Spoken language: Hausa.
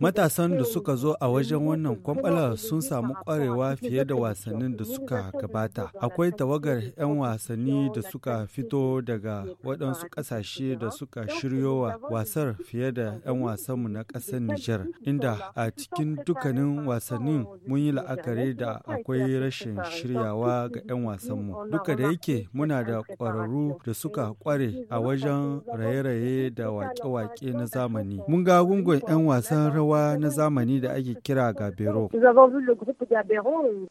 Matasan da suka zo a wajen wannan kwamfala sun samu ƙwarewa fiye da wasannin da suka gabata. Akwai tawagar 'yan wasanni da suka fito daga waɗansu ƙasashe da suka shiryowa wasar fiye da 'yan wasanmu na ƙasar Nijar, inda a cikin dukkanin wasannin mun yi la'akari da akwai rashin shiryawa ga 'yan wasanmu. Duka da yake muna da ƙwararru da suka ƙware a wajen raye-raye da wake-wake na zamani. Mun ga gungun 'yan wasan rawa na zamani da ake kira Gabero.